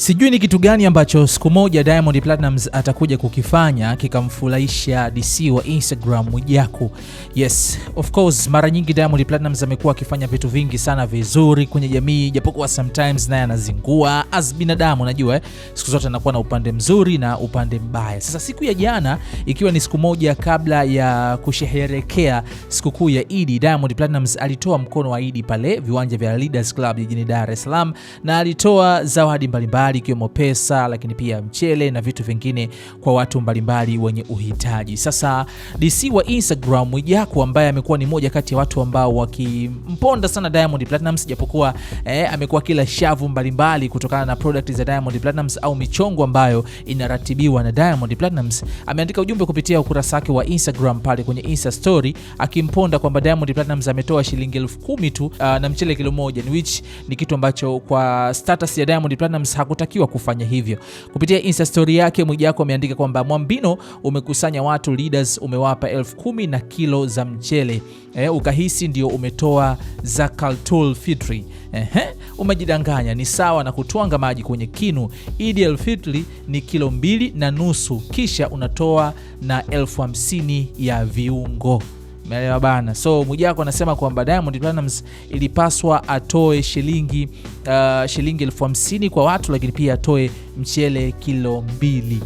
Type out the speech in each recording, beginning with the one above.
Sijui ni kitu gani ambacho siku moja Diamond Platnumz atakuja kukifanya kikamfurahisha DC wa Instagram Mwijaku. Yes, of course, mara nyingi Diamond Platnumz amekuwa akifanya vitu vingi sana vizuri kwenye jamii, japokuwa sometimes naye anazingua as binadamu, najua eh? siku zote anakuwa na upande mzuri na upande mbaya. Sasa siku ya jana ikiwa ni siku moja kabla ya kusherehekea sikukuu ya Idi, Diamond Platnumz alitoa mkono wa Idi pale viwanja vya Leaders Club jijini Dar es Salaam na alitoa zawadi mbalimbali mbalimbali ikiwemo pesa, lakini pia mchele na vitu vingine kwa watu mbalimbali wenye uhitaji. Sasa DC wa Instagram Mwijaku ambaye amekuwa ni moja kati ya watu ambao wakimponda sana Diamond Platnumz, japokuwa eh, amekuwa kila shavu mbalimbali kutokana na product za Diamond Platnumz au michongo ambayo inaratibiwa na Diamond Platnumz, ameandika ujumbe kupitia ukurasa wake wa Instagram pale kwenye Insta story akimponda kwamba Diamond Platnumz ametoa shilingi elfu kumi tu uh, na mchele kilo moja, ni which ni kitu ambacho kwa status ya Diamond Platnumz hakutakiwa kufanya hivyo. Kupitia insta story yake Mwijaku ameandika kwamba Mwambino umekusanya watu leaders, umewapa elfu kumi na kilo za mchele eh, ukahisi ndio umetoa zakaltul fitri Ehe, umejidanganya. Ni sawa na kutwanga maji kwenye kinu. Idi fitri ni kilo mbili na nusu, kisha unatoa na elfu hamsini ya viungo. Umeelewa eh, bana? So Mwijako anasema kwamba Diamond Platnumz ilipaswa atoe shilingi uh, shilingi elfu hamsini kwa watu, lakini pia atoe mchele kilo mbili.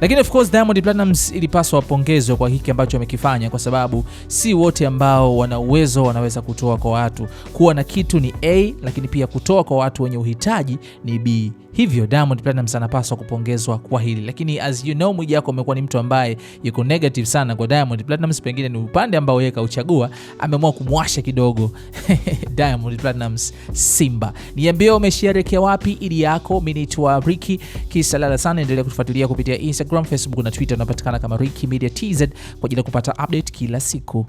Lakini of course Diamond Platnumz ilipaswa wapongezwe kwa hiki ambacho wamekifanya, kwa sababu si wote ambao wana uwezo wanaweza kutoa kwa watu. Kuwa na kitu ni A, lakini pia kutoa kwa watu wenye uhitaji ni B. Hivyo Diamond Platnumz anapaswa kupongezwa kwa hili, lakini as you know, Mwijaku amekuwa ni mtu ambaye yuko negative sana kwa Diamond Platnumz. Pengine ni upande ambao yeye kauchagua, ameamua kumwasha kidogo Diamond Platnumz Simba. Niambie umesherekea wapi ili yako. Mimi naitwa Ricky Kisalala sana, endelea kutufuatilia kupitia Instagram Instagram, Facebook na Twitter unapatikana kama Ricky Media TZ kwa ajili ya kupata update kila siku.